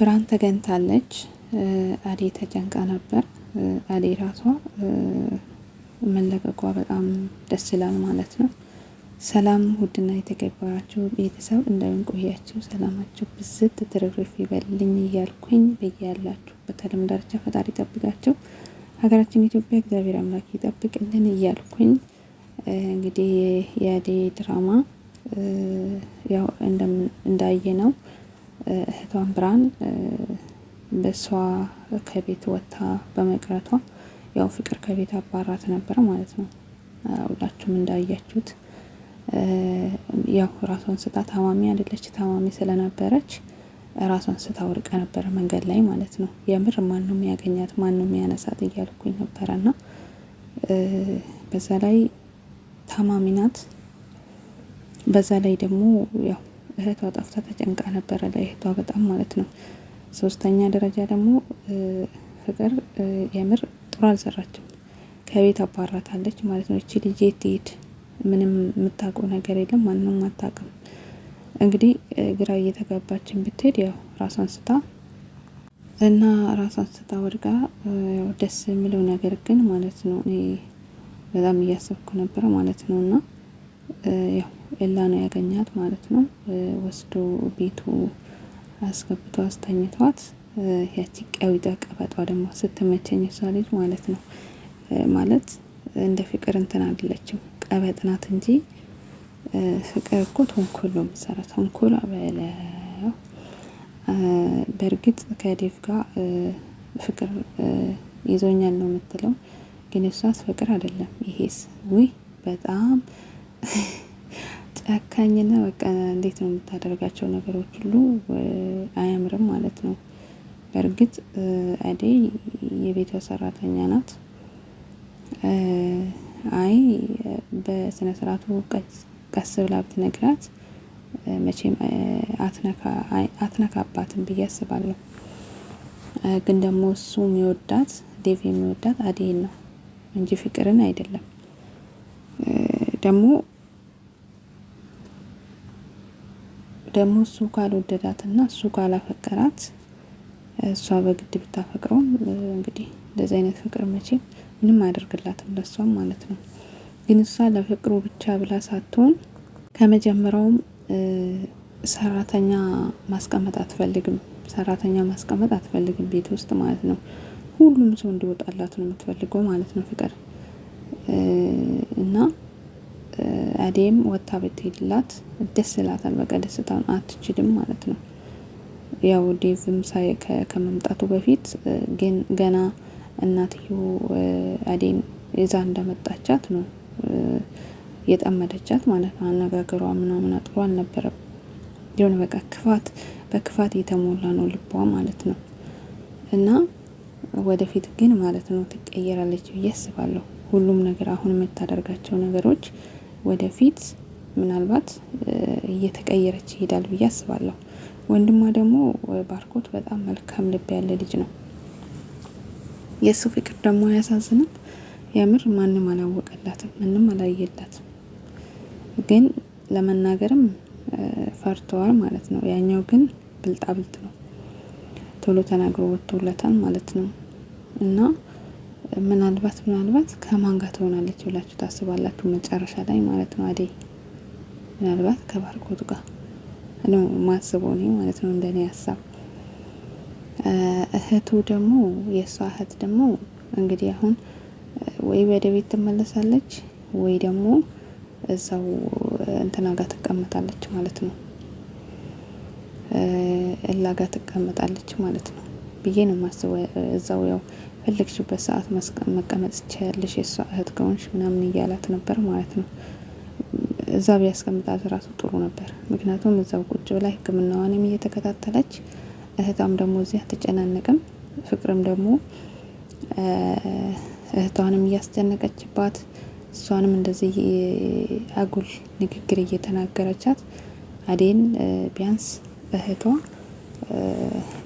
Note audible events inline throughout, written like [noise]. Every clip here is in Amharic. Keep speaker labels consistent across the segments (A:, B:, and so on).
A: ብርሃን ተገኝታለች። አዴ ተጨንቃ ነበር። አዴ ራሷ መለቀቋ በጣም ደስ ይላል ማለት ነው። ሰላም ውድና የተከበራችሁ ቤተሰብ እንደምን ቆያችሁ? ሰላማችሁ ብዝት ትርፍርፍ ይበልኝ እያልኩኝ በያላችሁ በተለም ዳርቻ ፈጣሪ ጠብቃቸው ሀገራችን ኢትዮጵያ እግዚአብሔር አምላክ ይጠብቅልን እያልኩኝ እንግዲህ የአዴ ድራማ ያው እንዳየ ነው እህቷን ብርሃን በእሷ ከቤት ወጥታ በመቅረቷ ያው ፍቅር ከቤት አባራት ነበረ ማለት ነው። ሁላችሁም እንዳያችሁት ያው ራሷን ስታ ታማሚ አይደለች፣ ታማሚ ስለነበረች ራሷን ስታ ወድቃ ነበረ መንገድ ላይ ማለት ነው። የምር ማንም ያገኛት ማንም ያነሳት እያልኩኝ ነበረና በዛ ላይ ታማሚ ናት። በዛ ላይ ደግሞ ያው እህቷ ጠፍታ ተጨንቃ ነበረ፣ ለእህቷ በጣም ማለት ነው። ሶስተኛ ደረጃ ደግሞ ፍቅር የምር ጥሩ አልሰራችም። ከቤት አባራታለች ማለት ነው። እቺ ልጅ የት ትሄድ? ምንም የምታውቀው ነገር የለም፣ ማንም አታውቅም። እንግዲህ ግራ እየተጋባችን ብትሄድ ያው ራሷን ስታ እና ራሷን ስታ ወድቃ ደስ የሚለው ነገር ግን ማለት ነው በጣም እያሰብኩ ነበረ ማለት ነው እና ያው ኤላ ነው ያገኛት ማለት ነው። ወስዶ ቤቱ አስገብቶ አስተኝቷት፣ ያቺ ቀዊጠ ቀበጧ ደግሞ ስትመቸኝ እሷ ልጅ ማለት ነው ማለት እንደ ፍቅር እንትን አይደለችም ቀበጥ ናት እንጂ ፍቅር እኮ ተንኮል ነው የምትሰራ ተንኮል በእርግጥ ከዴቭ ጋር ፍቅር ይዞኛል ነው የምትለው፣ ግን እሷስ ፍቅር አይደለም። ይሄስ ውይ በጣም ጨካኝና በቃ እንዴት ነው የምታደርጋቸው ነገሮች ሁሉ አያምርም ማለት ነው። በእርግጥ አደይ የቤቷ ሰራተኛ ናት። አይ በስነ ስርዓቱ ቀስ ብላ ብትነግራት መቼም አትነካባትም ብዬ አስባለሁ። ግን ደግሞ እሱ የሚወዳት ዴቭ የሚወዳት አደይን ነው እንጂ ፍቅርን አይደለም ደግሞ ደግሞ እሱ ካልወደዳትና እሱ ካላፈቀራት እሷ በግድ ብታፈቅረውም እንግዲህ እንደዚህ አይነት ፍቅር መቼም ምንም አደርግላትም ለሷም ማለት ነው። ግን እሷ ለፍቅሩ ብቻ ብላ ሳትሆን ከመጀመሪያውም ሰራተኛ ማስቀመጥ አትፈልግም። ሰራተኛ ማስቀመጥ አትፈልግም ቤት ውስጥ ማለት ነው። ሁሉም ሰው እንዲወጣላት ነው የምትፈልገው ማለት ነው ፍቅር እና አዴም ወታ ብትሄድላት ደስ ይላታል። በቃ ደስታውን አትችልም ማለት ነው። ያው ዴቭም ሳይ ከመምጣቱ በፊት ግን ገና እናትዮ አዴን እዛ እንደመጣቻት ነው የጠመደቻት ማለት ነው። አነጋገሯ ምናምን አጥሩ አልነበረም። የሆነ በቃ ክፋት በክፋት የተሞላ ነው ልቧ ማለት ነው። እና ወደፊት ግን ማለት ነው ትቀየራለች ብዬ አስባለሁ። ሁሉም ነገር አሁን የምታደርጋቸው ነገሮች ወደፊት ምናልባት እየተቀየረች ይሄዳል ብዬ አስባለሁ። ወንድሟ ደግሞ ባርኮት በጣም መልካም ልብ ያለ ልጅ ነው። የእሱ ፍቅር ደግሞ አያሳዝንም? የምር ማንም አላወቀላትም፣ ምንም አላየላትም። ግን ለመናገርም ፈርተዋል ማለት ነው። ያኛው ግን ብልጣብልጥ ነው፣ ቶሎ ተናግሮ ወጥቶለታል ማለት ነው እና ምናልባት ምናልባት ከማን ጋር ትሆናለች ብላችሁ ታስባላችሁ? መጨረሻ ላይ ማለት ነው። አደይ ምናልባት ከባርኮት ጋር ነው ማስበው እኔ ማለት ነው፣ እንደኔ ሀሳብ። እህቱ ደግሞ የእሷ እህት ደግሞ እንግዲህ አሁን ወይ ወደ ቤት ትመለሳለች ወይ ደግሞ እዛው እንትና ጋር ትቀመጣለች ማለት ነው፣ እላ ጋር ትቀመጣለች ማለት ነው ብዬ ነው ማስበው። እዛው ያው ፈለግሽበት ሰዓት መቀመጥ ትችያለሽ የእሷ እህት ከሆንሽ ምናምን እያላት ነበር ማለት ነው። እዛ ቢያስቀምጣት ራሱ ጥሩ ነበር። ምክንያቱም እዛው ቁጭ ብላ ሕክምናዋንም እየተከታተለች እህቷም ደግሞ እዚህ አትጨናነቅም። ፍቅርም ደግሞ እህቷንም እያስጨነቀችባት እሷንም እንደዚህ አጉል ንግግር እየተናገረቻት አዴን ቢያንስ እህቷ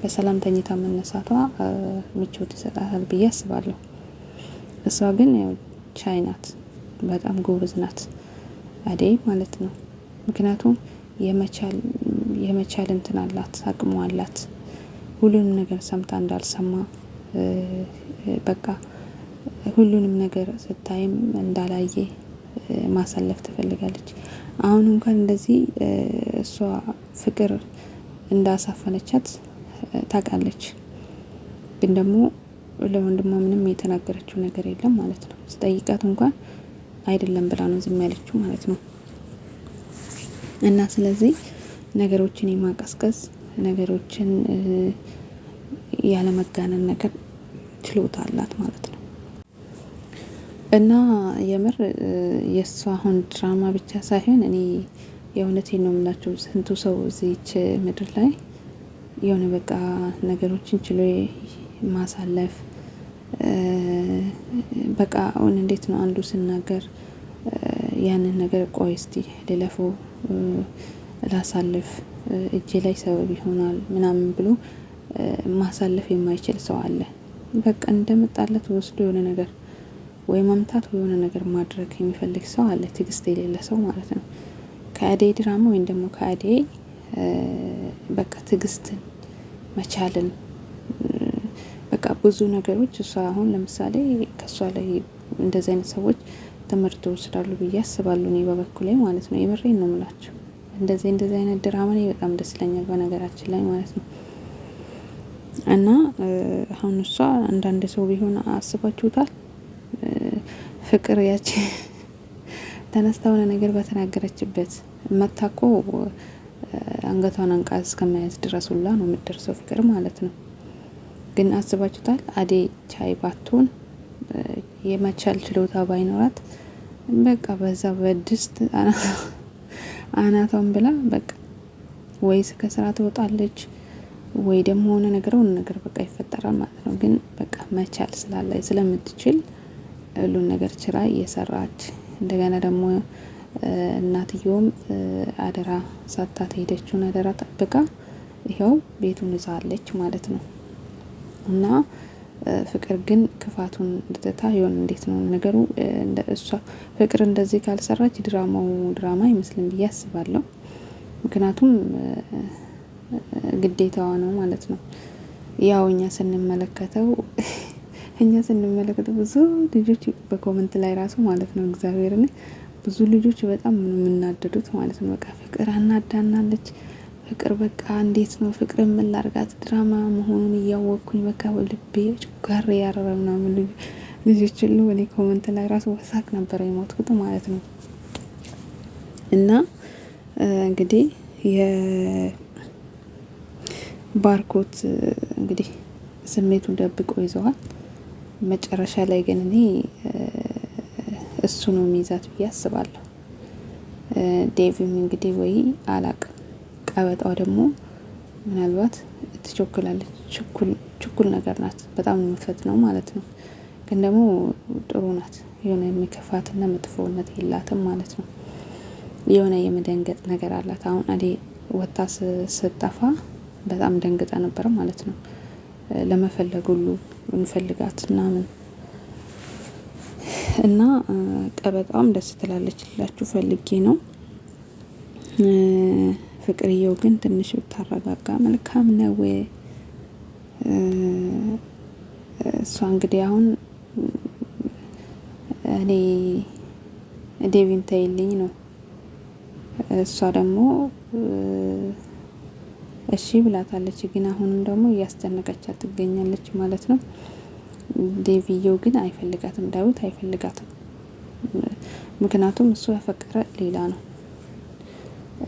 A: በሰላም ተኝታ መነሳቷ ምቾት ይሰጣታል ብዬ አስባለሁ። እሷ ግን ያው ቻይ ናት፣ በጣም ጎበዝ ናት አደይ ማለት ነው። ምክንያቱም የመቻል የመቻል እንትን አላት፣ አቅሙ አላት። ሁሉንም ነገር ሰምታ እንዳልሰማ በቃ ሁሉንም ነገር ስታይም እንዳላየ ማሳለፍ ትፈልጋለች። አሁን እንኳን እንደዚህ እሷ ፍቅር እንዳሳፈነቻት ታውቃለች። ግን ደግሞ ለወንድሟ ምንም የተናገረችው ነገር የለም ማለት ነው። ስጠይቃት እንኳን አይደለም ብላ ነው ዝም ያለችው ማለት ነው። እና ስለዚህ ነገሮችን የማቀስቀስ ነገሮችን ያለመጋነን ነገር ችሎታ አላት ማለት ነው። እና የምር የእሷ አሁን ድራማ ብቻ ሳይሆን እኔ የእውነቴ ነው የምላቸው ስንቱ ሰው እዚች ምድር ላይ የሆነ በቃ ነገሮችን ችሎ ማሳለፍ በቃ አሁን እንዴት ነው አንዱ ስናገር ያንን ነገር ቆይ እስቲ ልለፎ ላሳልፍ እጄ ላይ ሰበብ ይሆናል ምናምን ብሎ ማሳለፍ የማይችል ሰው አለ። በቃ እንደመጣለት ወስዶ የሆነ ነገር ወይ መምታት ወይ የሆነ ነገር ማድረግ የሚፈልግ ሰው አለ፣ ትዕግስት የሌለ ሰው ማለት ነው። ከአደይ ድራማ ወይም ደግሞ ከአደይ በቃ ትዕግስትን መቻልን በቃ ብዙ ነገሮች እሷ አሁን ለምሳሌ ከእሷ ላይ እንደዚህ አይነት ሰዎች ትምህርት ወስዳሉ ብዬ አስባለሁ። እኔ በበኩሌ ማለት ነው። የምሬን ነው የምላቸው። እንደዚህ እንደዚህ አይነት ድራማ ኔ በጣም ደስ ይለኛል፣ በነገራችን ላይ ማለት ነው። እና አሁን እሷ አንዳንድ ሰው ቢሆን አስባችሁታል ፍቅር ያቺ ተነስታ ሆነ ነገር በተናገረችበት መታኮ አንገቷን አንቃ እስከመያዝ ድረስ ሁላ ነው የምትደርሰው ፍቅር ማለት ነው። ግን አስባችሁታል? አዴ ቻይ ባትሆን የመቻል ችሎታ ባይኖራት በቃ በዛ በድስት [laughs] አናቷን ብላ በቃ ወይስ ከስራ ትወጣለች ወይ ደግሞ ሆነ ነገር ሆነ ነገር በቃ ይፈጠራል ማለት ነው። ግን በቃ መቻል ስላለ ስለምትችል ሁሉን ነገር ችላ እየሰራች እንደገና ደግሞ እናትየውም አደራ ሳታት ሄደችውን አደራ ጠብቃ ይኸው ቤቱን ይዛለች ማለት ነው። እና ፍቅር ግን ክፋቱን ልትታ ይሆን እንዴት ነው ነገሩ? እሷ ፍቅር እንደዚህ ካልሰራች ድራማው ድራማ አይመስልም ብዬ አስባለሁ። ምክንያቱም ግዴታዋ ነው ማለት ነው። ያው እኛ ስንመለከተው እኛ ስንመለከት ብዙ ልጆች በኮመንት ላይ ራሱ ማለት ነው እግዚአብሔርን ብዙ ልጆች በጣም የምናደዱት ማለት ነው። በቃ ፍቅር አናዳናለች። ፍቅር በቃ እንዴት ነው ፍቅር የምላርጋት ድራማ መሆኑን እያወቅኩኝ በቃ በልቤ ጭጋሬ ያረረ ምናምን ልጆች ሉ እኔ ኮመንት ላይ ራሱ በሳቅ ነበር የሞትኩት ማለት ነው። እና እንግዲህ የባርኮት እንግዲህ ስሜቱ ደብቆ ይዘዋል። መጨረሻ ላይ ግን እኔ እሱ ነው ሚይዛት ብዬ አስባለሁ። ዴቪም እንግዲህ ወይ አላቅ ቀበጣው ደግሞ ምናልባት ትቸኩላለች። ችኩል ነገር ናት፣ በጣም የምፈት ነው ማለት ነው። ግን ደግሞ ጥሩ ናት፣ የሆነ የሚከፋትና መጥፎነት የላትም ማለት ነው። የሆነ የመደንገጥ ነገር አላት። አሁን አዴ ወታ ስጠፋ በጣም ደንግጠ ነበረ ማለት ነው። ለመፈለግ ሁሉ እንፈልጋት ምናምን እና ቀበጣም ደስ ትላለች ላችሁ ፈልጌ ነው። ፍቅርየው ግን ትንሽ ብታረጋጋ መልካም ነው። እሷ እንግዲህ አሁን እኔ ዴቪን ተይልኝ ነው። እሷ ደግሞ እሺ ብላታለች። ግን አሁንም ደግሞ እያስጨነቀቻት ትገኛለች ማለት ነው። ዴቪየው ግን አይፈልጋትም፣ ዳዊት አይፈልጋትም። ምክንያቱም እሱ ያፈቀረ ሌላ ነው።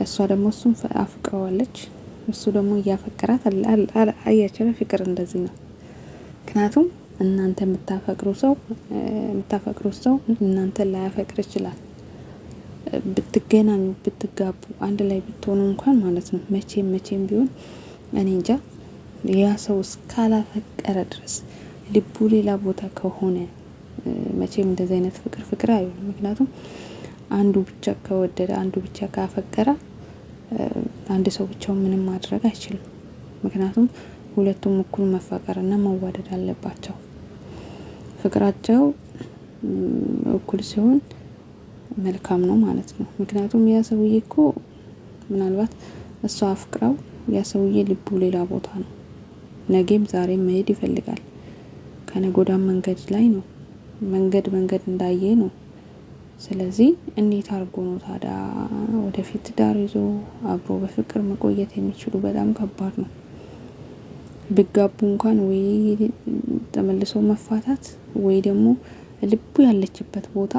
A: እሷ ደግሞ እሱም አፍቅረዋለች። እሱ ደግሞ እያፈቀራት አያቸው። ፍቅር እንደዚህ ነው። ምክንያቱም እናንተ የምታፈቅሩ ሰው የምታፈቅሩ ሰው እናንተ ላያፈቅር ይችላል። ብትገናኙ ብትጋቡ አንድ ላይ ብትሆኑ እንኳን ማለት ነው መቼም መቼም ቢሆን እኔ እንጃ ያ ሰው እስካላፈቀረ ድረስ ልቡ ሌላ ቦታ ከሆነ መቼም እንደዚህ አይነት ፍቅር ፍቅር አይሆን። ምክንያቱም አንዱ ብቻ ከወደደ አንዱ ብቻ ካፈቀረ አንድ ሰው ብቻው ምንም ማድረግ አይችልም። ምክንያቱም ሁለቱም እኩል እና መዋደድ አለባቸው። ፍቅራቸው እኩል ሲሆን መልካም ነው ማለት ነው። ምክንያቱም ያ ሰውዬ እኮ ምናልባት እሷ አፍቅራው ያ ሰውዬ ልቡ ሌላ ቦታ ነው። ነገም ዛሬም መሄድ ይፈልጋል። ከነጎዳም መንገድ ላይ ነው። መንገድ መንገድ እንዳየ ነው። ስለዚህ እንዴት አድርጎ ነው ታዲያ ወደፊት ትዳር ይዞ አብሮ በፍቅር መቆየት የሚችሉ? በጣም ከባድ ነው። ብጋቡ እንኳን ወይ ተመልሶ መፋታት ወይ ደግሞ ልቡ ያለችበት ቦታ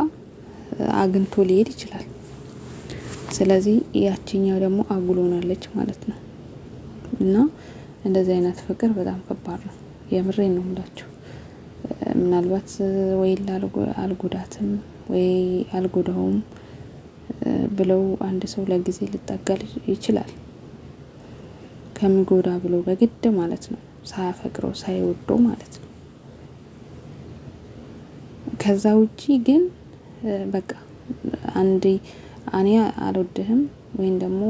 A: አግኝቶ ሊሄድ ይችላል። ስለዚህ ያችኛው ደግሞ አጉሎናለች ማለት ነው። እና እንደዚህ አይነት ፍቅር በጣም ከባድ ነው። የምሬን ነው ምላችሁ። ምናልባት ወይ አልጎዳትም ወይ አልጎዳውም ብለው አንድ ሰው ለጊዜ ሊጠጋል ይችላል ከሚጎዳ ብለው በግድ ማለት ነው። ሳያፈቅረው ሳይወደው ማለት ነው። ከዛ ውጪ ግን በቃ አንዴ እኔ አልወድህም ወይም ደግሞ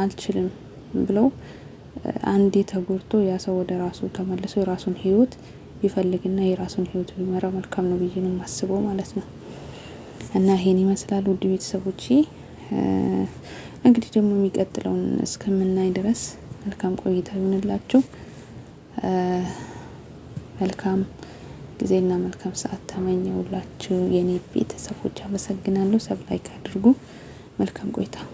A: አልችልም ብለው አንዴ ተጎድቶ ያ ሰው ወደ ራሱ ተመልሶ የራሱን ህይወት ቢፈልግና የራሱን ህይወት ቢመራ መልካም ነው ብዬ ነው የማስበው ማለት ነው። እና ይሄን ይመስላል ውድ ቤተሰቦች እንግዲህ ደግሞ የሚቀጥለውን እስከምናይ ድረስ መልካም ቆይታ ይሆንላችሁ። መልካም ጊዜና መልካም ሰዓት ተመኘውላችሁ የኔ ቤተሰቦች። አመሰግናለሁ። ሰብላይክ አድርጉ። መልካም ቆይታ